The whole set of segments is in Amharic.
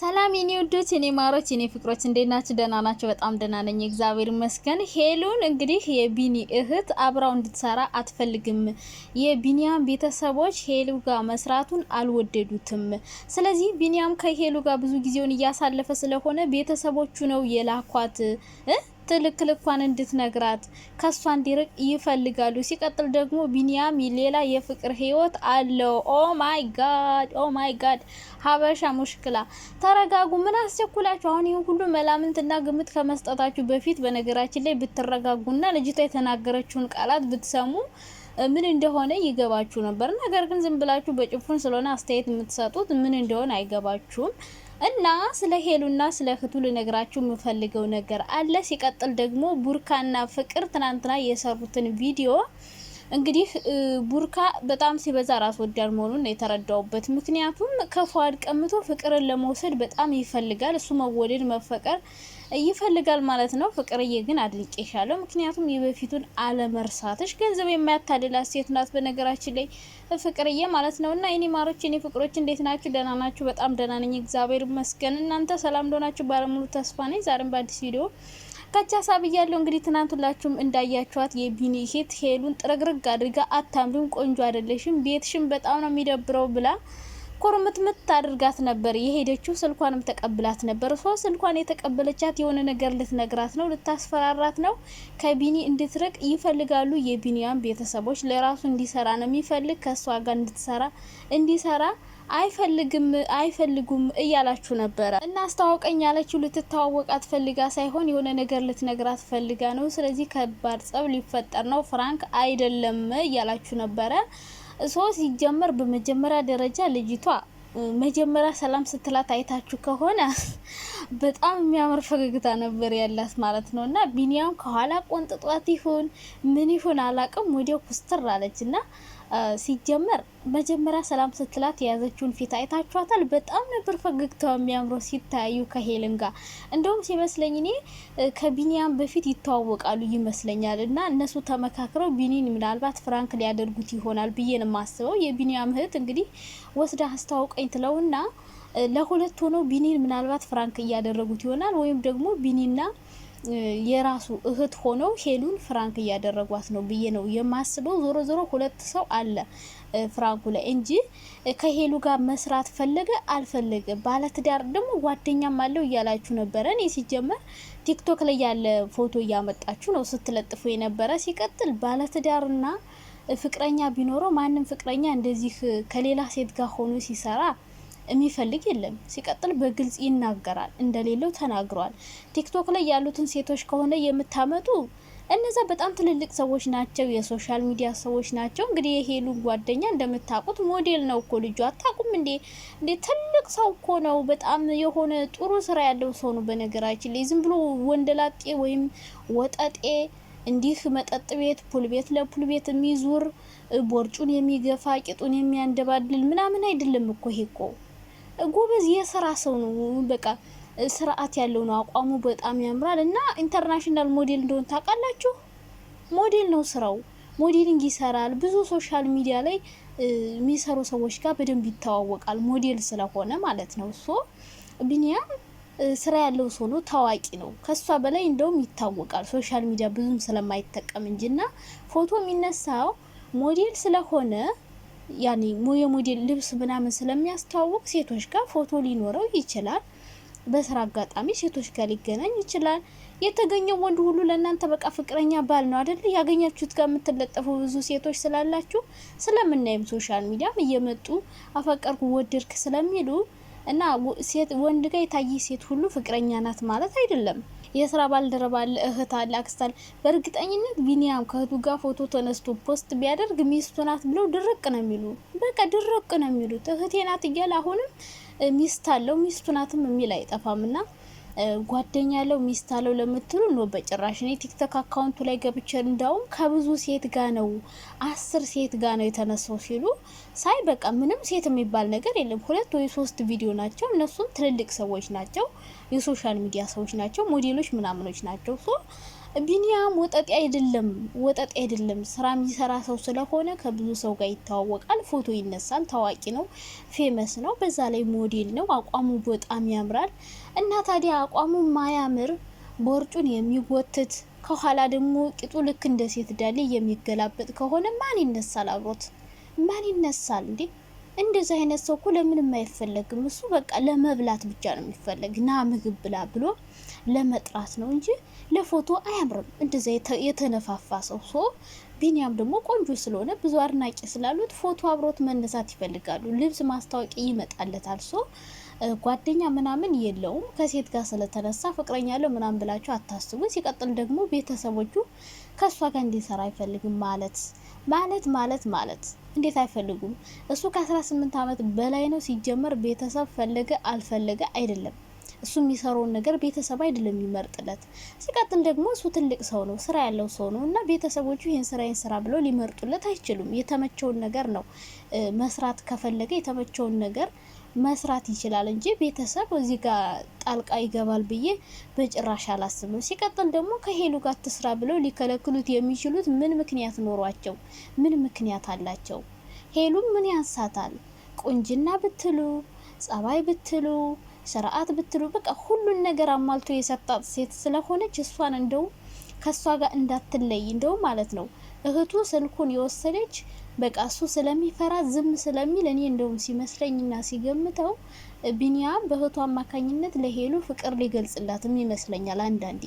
ሰላም የኔ ውዶች፣ የኔ ማሮች፣ የኔ ፍቅሮች እንዴት ናችሁ? ደህና ናቸው። በጣም ደህና ነኝ፣ እግዚአብሔር ይመስገን። ሄሉን እንግዲህ የቢኒ እህት አብራው እንድትሰራ አትፈልግም። የቢኒያም ቤተሰቦች ሄሉ ጋር መስራቱን አልወደዱትም። ስለዚህ ቢኒያም ከሄሉ ጋር ብዙ ጊዜውን እያሳለፈ ስለሆነ ቤተሰቦቹ ነው የላኳት ትልክልኳን ልኳን እንድትነግራት ከሷ እንዲርቅ ይፈልጋሉ። ሲቀጥል ደግሞ ቢኒያም ሌላ የፍቅር ህይወት አለው። ኦ ማይ ጋድ፣ ኦ ማይ ጋድ! ሀበሻ ሙሽክላ፣ ተረጋጉ። ምን አስቸኩላችሁ? አሁን ይህን ሁሉ መላምንትና ግምት ከመስጠታችሁ በፊት በነገራችን ላይ ብትረጋጉና ልጅቷ የተናገረችውን ቃላት ብትሰሙ ምን እንደሆነ ይገባችሁ ነበር። ነገር ግን ዝም ብላችሁ በጭፉን ስለሆነ አስተያየት የምትሰጡት ምን እንደሆነ አይገባችሁም። እና ስለ ሄሉና ስለ እህቱ ልነግራችሁ የምፈልገው ነገር አለ። ሲቀጥል ደግሞ ቡርካና ፍቅር ትናንትና የሰሩትን ቪዲዮ እንግዲህ ቡርካ በጣም ሲበዛ ራስ ወዳድ መሆኑን የተረዳውበት። ምክንያቱም ከፏድ ቀምቶ ፍቅርን ለመውሰድ በጣም ይፈልጋል። እሱ መወደድ መፈቀር ይፈልጋል ማለት ነው። ፍቅርዬ ግን አድንቄሻለሁ፣ ምክንያቱም የበፊቱን አለመርሳትሽ። ገንዘብ የማያታልላት ሴት ናት በነገራችን ላይ ፍቅርዬ ማለት ነው። እና የኔ ማሮች፣ የኔ ፍቅሮች እንዴት ናችሁ? ደህና ናችሁ? በጣም ደህና ነኝ፣ እግዚአብሔር ይመስገን። እናንተ ሰላም እንደሆናችሁ ባለሙሉ ተስፋ ነኝ። ዛሬም በአዲስ ቪዲዮ ከቻ ሳብ እንግዲህ ትናንት ሁላችሁም እንዳያችኋት የቢኒ ሄት ሄሉን ጥርግርግ አድርጋ አታምሪም፣ ቆንጆ አይደለሽም፣ ቤትሽም በጣም ነው የሚደብረው ብላ ኮርምትምት አድርጋት ነበር የሄደችው። ስልኳንም ተቀብላት ነበር። ሶ ስልኳን የተቀበለቻት የሆነ ነገር ልትነግራት ነው፣ ልታስፈራራት ነው። ከቢኒ እንድትርቅ ይፈልጋሉ የቢኒያም ቤተሰቦች። ለራሱ እንዲሰራ ነው የሚፈልግ ከእሷ ጋር እንድትሰራ እንዲሰራ አይፈልግም አይፈልጉም እያላችሁ ነበረ። እናስተዋውቀኝ ያለችው ልትተዋወቃት ፈልጋ ሳይሆን የሆነ ነገር ልትነግራት ፈልጋ ነው። ስለዚህ ከባድ ጸብ ሊፈጠር ነው ፍራንክ አይደለም እያላችሁ ነበረ። እሶ ሲጀመር በመጀመሪያ ደረጃ ልጅቷ መጀመሪያ ሰላም ስትላት አይታችሁ ከሆነ በጣም የሚያምር ፈገግታ ነበር ያላት ማለት ነው። እና ቢኒያም ከኋላ ቆንጥጧት ይሁን ምን ይሁን አላቅም ወዲያው ኩስትር አለች እና ሲጀመር መጀመሪያ ሰላም ስትላት የያዘችውን ፊት አይታችኋታል። በጣም ነበር ፈገግታው የሚያምረው ሲታያዩ ከሄልን ጋር እንደውም ሲመስለኝ እኔ ከቢኒያም በፊት ይተዋወቃሉ ይመስለኛል። እና እነሱ ተመካክረው ቢኒን ምናልባት ፍራንክ ሊያደርጉት ይሆናል ብዬን የማስበው። የቢኒያም እህት እንግዲህ ወስዳ አስተዋውቀኝ ትለውና ለሁለት ሆነው ቢኒን ምናልባት ፍራንክ እያደረጉት ይሆናል ወይም ደግሞ ቢኒና የራሱ እህት ሆነው ሄሉን ፍራንክ እያደረጓት ነው ብዬ ነው የማስበው። ዞሮ ዞሮ ሁለት ሰው አለ ፍራንኩ ላይ እንጂ ከሄሉ ጋር መስራት ፈለገ አልፈለገ፣ ባለትዳር ደግሞ ጓደኛም አለው እያላችሁ ነበረ። እኔ ሲጀመር ቲክቶክ ላይ ያለ ፎቶ እያመጣችሁ ነው ስትለጥፉ የነበረ። ሲቀጥል ባለትዳርና ፍቅረኛ ቢኖረው ማንም ፍቅረኛ እንደዚህ ከሌላ ሴት ጋር ሆኖ ሲሰራ የሚፈልግ የለም። ሲቀጥል በግልጽ ይናገራል፣ እንደሌለው ተናግሯል። ቲክቶክ ላይ ያሉትን ሴቶች ከሆነ የምታመጡ እነዛ በጣም ትልልቅ ሰዎች ናቸው፣ የሶሻል ሚዲያ ሰዎች ናቸው። እንግዲህ የሄሉ ጓደኛ እንደምታውቁት ሞዴል ነው እኮ ልጁ። አታውቁም እንዴ? እንዴ ትልቅ ሰው እኮ ነው። በጣም የሆነ ጥሩ ስራ ያለው ሰው ነው። በነገራችን ላይ ዝም ብሎ ወንደላጤ ወይም ወጠጤ እንዲህ መጠጥ ቤት፣ ፑል ቤት ለፑል ቤት የሚዙር ቦርጩን የሚገፋ ቂጡን የሚያንደባድል ምናምን አይደለም እኮ ይሄ እኮ ጎበዝ የስራ ሰው ነው። በቃ ስርዓት ያለው ነው። አቋሙ በጣም ያምራል። እና ኢንተርናሽናል ሞዴል እንደሆን ታውቃላችሁ። ሞዴል ነው ስራው። ሞዴሊንግ ይሰራል። ብዙ ሶሻል ሚዲያ ላይ የሚሰሩ ሰዎች ጋር በደንብ ይተዋወቃል። ሞዴል ስለሆነ ማለት ነው። እሱ ቢኒያም ስራ ያለው ሰው ነው። ታዋቂ ነው። ከሷ በላይ እንደውም ይታወቃል። ሶሻል ሚዲያ ብዙም ስለማይጠቀም እንጂ እና ፎቶ የሚነሳው ሞዴል ስለሆነ ያኔ የሞዴል ልብስ ምናምን ስለሚያስተዋውቅ ሴቶች ጋር ፎቶ ሊኖረው ይችላል። በስራ አጋጣሚ ሴቶች ጋር ሊገናኝ ይችላል። የተገኘው ወንድ ሁሉ ለእናንተ በቃ ፍቅረኛ ባል ነው አደል? ያገኛችሁት ጋር የምትለጠፉ ብዙ ሴቶች ስላላችሁ ስለምናይም ሶሻል ሚዲያም እየመጡ አፈቀርኩ ወድርክ ስለሚሉ እና ሴት ወንድ ጋር የታየ ሴት ሁሉ ፍቅረኛ ናት ማለት አይደለም። የስራ ባልደረባ አለ፣ እህት አለ፣ አክስት አለ። በእርግጠኝነት ቢኒያም ከእህቱ ጋር ፎቶ ተነስቶ ፖስት ቢያደርግ ሚስቱ ናት ብለው ድርቅ ነው የሚሉ በቃ ድርቅ ነው የሚሉት። እህቴ ናት እያለ አሁንም ሚስት አለው ሚስቱ ናትም የሚል አይጠፋም ና ጓደኛ ያለው ሚስት አለው ለምትሉ ኖ በጭራሽ። እኔ ቲክቶክ አካውንቱ ላይ ገብቼ እንዳውም ከብዙ ሴት ጋ ነው አስር ሴት ጋ ነው የተነሳው ሲሉ ሳይ በቃ ምንም ሴት የሚባል ነገር የለም። ሁለት ወይ ሶስት ቪዲዮ ናቸው። እነሱም ትልልቅ ሰዎች ናቸው፣ የሶሻል ሚዲያ ሰዎች ናቸው፣ ሞዴሎች ምናምኖች ናቸው። ሶ ቢኒያም ወጠጤ አይደለም፣ ወጠጤ አይደለም። ስራ የሚሰራ ሰው ስለሆነ ከብዙ ሰው ጋር ይተዋወቃል፣ ፎቶ ይነሳል፣ ታዋቂ ነው፣ ፌመስ ነው። በዛ ላይ ሞዴል ነው። አቋሙ በጣም ያምራል። እና ታዲያ አቋሙ ማያምር ቦርጩን የሚጎትት ከኋላ ደግሞ ቂጡ ልክ እንደ ሴት ዳሌ የሚገላበጥ ከሆነ ማን ይነሳል? አብሮት ማን ይነሳል እንዴ? እንደዚህ አይነት ሰው እኮ ለምንም አይፈለግም። እሱ በቃ ለመብላት ብቻ ነው የሚፈለግ። ና ምግብ ብላ ብሎ ለመጥራት ነው እንጂ ለፎቶ አያምርም። እንደዚያ የተነፋፋ ሰው ሶ ቢኒያም ደግሞ ቆንጆ ስለሆነ ብዙ አድናቂ ስላሉት ፎቶ አብሮት መነሳት ይፈልጋሉ። ልብስ ማስታወቂያ ይመጣለታል። ሶ ጓደኛ ምናምን የለውም። ከሴት ጋር ስለተነሳ ፍቅረኛ ያለው ምናምን ብላችሁ አታስቡ። ሲቀጥል ደግሞ ቤተሰቦቹ ከእሷ ጋር እንዲሰራ አይፈልግም። ማለት ማለት ማለት ማለት እንዴት አይፈልጉም? እሱ ከ18 ዓመት በላይ ነው። ሲጀመር ቤተሰብ ፈለገ አልፈለገ አይደለም እሱ የሚሰራውን ነገር ቤተሰብ አይደለም የሚመርጥለት። ሲቀጥል ደግሞ እሱ ትልቅ ሰው ነው፣ ስራ ያለው ሰው ነው እና ቤተሰቦቹ ይህን ስራ ይህን ስራ ብለው ሊመርጡለት አይችሉም። የተመቸውን ነገር ነው መስራት ከፈለገ የተመቸውን ነገር መስራት ይችላል እንጂ ቤተሰብ እዚህ ጋር ጣልቃ ይገባል ብዬ በጭራሽ አላስብም። ሲቀጥል ደግሞ ከሄሉ ጋር ትስራ ብለው ሊከለክሉት የሚችሉት ምን ምክንያት ኖሯቸው? ምን ምክንያት አላቸው? ሄሉም ምን ያንሳታል? ቁንጅና ብትሉ፣ ጸባይ ብትሉ፣ ስርዓት ብትሉ በቃ ሁሉን ነገር አሟልቶ የሰጣት ሴት ስለሆነች እሷን እንደውም ከእሷ ጋር እንዳትለይ እንደውም ማለት ነው እህቱ ስልኩን የወሰደች በቃ እሱ ስለሚፈራ ዝም ስለሚል እኔ እንደውም ሲመስለኝና ሲገምተው ቢኒያም በእህቱ አማካኝነት ለሄሉ ፍቅር ሊገልጽላትም ይመስለኛል። አንዳንዴ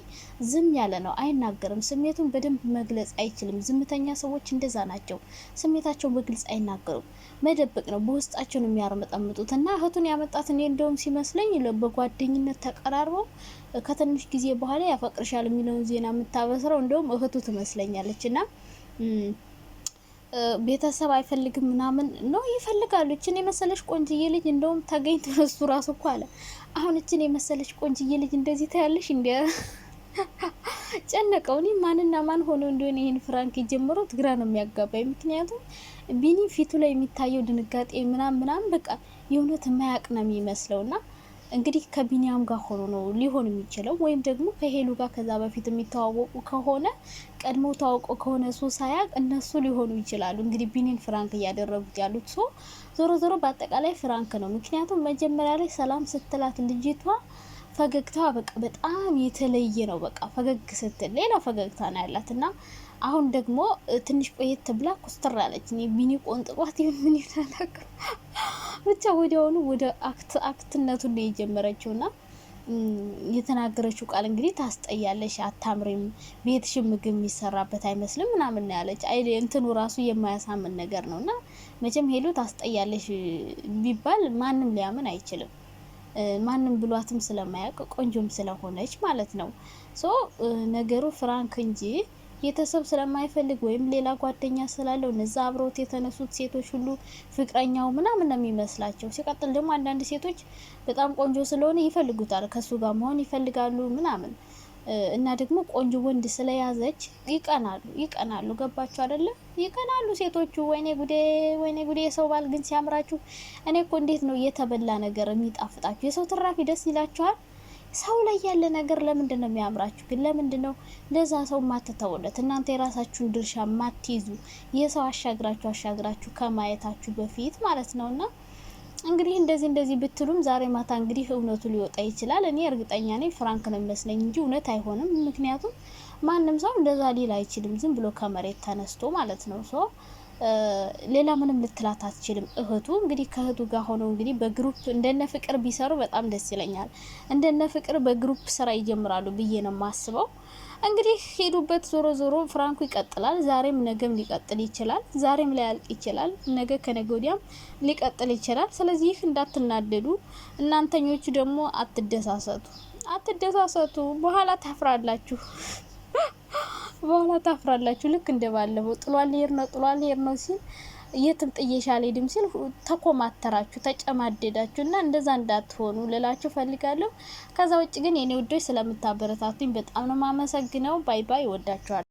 ዝም ያለ ነው፣ አይናገርም። ስሜቱን በደንብ መግለጽ አይችልም። ዝምተኛ ሰዎች እንደዛ ናቸው። ስሜታቸው በግልጽ አይናገሩም፣ መደበቅ ነው በውስጣቸውን የሚያርመጠምጡት እና እህቱን ያመጣት እኔ እንደውም ሲመስለኝ በጓደኝነት ተቀራርበው ከትንሽ ጊዜ በኋላ ያፈቅርሻል የሚለውን ዜና የምታበስረው እንደውም እህቱ ትመስለኛለች እና ቤተሰብ አይፈልግም ምናምን ነው ይፈልጋሉ። እችን የመሰለች ቆንጅዬ ልጅ እንደውም ተገኝቶ እሱ ራሱ እኮ አለ አሁን እችን የመሰለች ቆንጅዬ ልጅ እንደዚህ ታያለሽ እንዲ ጨነቀው። እኔ ማንና ማን ሆኖ እንዲሆን ይህን ፍራንክ የጀመረው ትግራ ነው የሚያጋባኝ። ምክንያቱም ቢኒ ፊቱ ላይ የሚታየው ድንጋጤ ምናም ምናም በቃ የእውነት ማያቅ ነው የሚመስለው ና እንግዲህ ከቢኒያም ጋር ሆኖ ነው ሊሆን የሚችለው። ወይም ደግሞ ከሄሉ ጋር ከዛ በፊት የሚተዋወቁ ከሆነ ቀድሞ ታወቆ ከሆነ እሱ ሳያቅ እነሱ ሊሆኑ ይችላሉ። እንግዲህ ቢኒን ፍራንክ እያደረጉት ያሉት ሰው ዞሮ ዞሮ በአጠቃላይ ፍራንክ ነው። ምክንያቱም መጀመሪያ ላይ ሰላም ስትላት ልጅቷ ፈገግታ በቃ በጣም የተለየ ነው። በቃ ፈገግ ስትል ሌላ ፈገግታ ነው ያላት እና አሁን ደግሞ ትንሽ ቆየት ብላ ኮስተር አለች። እኔ ሚኒ ቆንጥቋት ምን ይላላቅ ብቻ ወዲያውኑ ወደ አክት አክትነቱ ነው የጀመረችው ና የተናገረችው ቃል እንግዲህ ታስጠያለሽ፣ አታምሪም፣ ቤትሽ ምግብ የሚሰራበት አይመስልም ምናምን ያለች አይ እንትኑ ራሱ የማያሳምን ነገር ነው እና መቼም ሄሉ ታስጠያለሽ ቢባል ማንም ሊያምን አይችልም። ማንም ብሏትም ስለማያውቅ ቆንጆም ስለሆነች ማለት ነው። ሶ ነገሩ ፍራንክ እንጂ ቤተሰብ ስለማይፈልግ ወይም ሌላ ጓደኛ ስላለው እነዛ አብሮት የተነሱት ሴቶች ሁሉ ፍቅረኛው ምናምን ነው የሚመስላቸው። ሲቀጥል ደግሞ አንዳንድ ሴቶች በጣም ቆንጆ ስለሆነ ይፈልጉታል፣ ከሱ ጋር መሆን ይፈልጋሉ ምናምን እና ደግሞ ቆንጆ ወንድ ስለያዘች ይቀናሉ ይቀናሉ። ገባችሁ አይደለም? ይቀናሉ ሴቶቹ። ወይኔ ጉዴ፣ ወይኔ ጉዴ! የሰው ባል ግን ሲያምራችሁ። እኔ እኮ እንዴት ነው የተበላ ነገር የሚጣፍጣችሁ? የሰው ትራፊ ደስ ይላችኋል? ሰው ላይ ያለ ነገር ለምንድን ነው የሚያምራችሁ? ግን ለምንድን ነው ለዛ ሰው ማትተውለት? እናንተ የራሳችሁን ድርሻ ማትይዙ የሰው አሻግራችሁ አሻግራችሁ ከማየታችሁ በፊት ማለት ነውና እንግዲህ እንደዚህ እንደዚህ ብትሉም ዛሬ ማታ እንግዲህ እውነቱ ሊወጣ ይችላል። እኔ እርግጠኛ ነኝ ፍራንክ ነው የሚመስለኝ እንጂ እውነት አይሆንም። ምክንያቱም ማንም ሰው እንደዛ ሊል አይችልም፣ ዝም ብሎ ከመሬት ተነስቶ ማለት ነው ሰው ሌላ ምንም ልትላት አትችልም። እህቱ እንግዲህ ከእህቱ ጋር ሆነው እንግዲህ በግሩፕ እንደነ ፍቅር ቢሰሩ በጣም ደስ ይለኛል። እንደነ ፍቅር በግሩፕ ስራ ይጀምራሉ ብዬ ነው የማስበው። እንግዲህ ሄዱበት። ዞሮ ዞሮ ፍራንኩ ይቀጥላል። ዛሬም ነገም ሊቀጥል ይችላል። ዛሬም ላያልቅ ይችላል። ነገ ከነገ ወዲያም ሊቀጥል ይችላል። ስለዚህ እንዳትናደዱ፣ እናንተኞቹ ደግሞ አትደሳሰቱ አትደሳሰቱ፣ በኋላ ታፍራላችሁ። በኋላ ታፍራላችሁ። ልክ እንደ ባለፈው ጥሏ ሄድ ነው ጥሏ ሄድ ነው ሲል የትም ጥየሻ አልሄድም ሲል ተኮማተራችሁ፣ ተጨማደዳችሁ እና እንደዛ እንዳትሆኑ ልላችሁ ፈልጋለሁ። ከዛ ውጭ ግን የኔ ውዶች ስለምታበረታቱኝ በጣም ነው ማመሰግነው። ባይ ባይ። ወዳችኋል።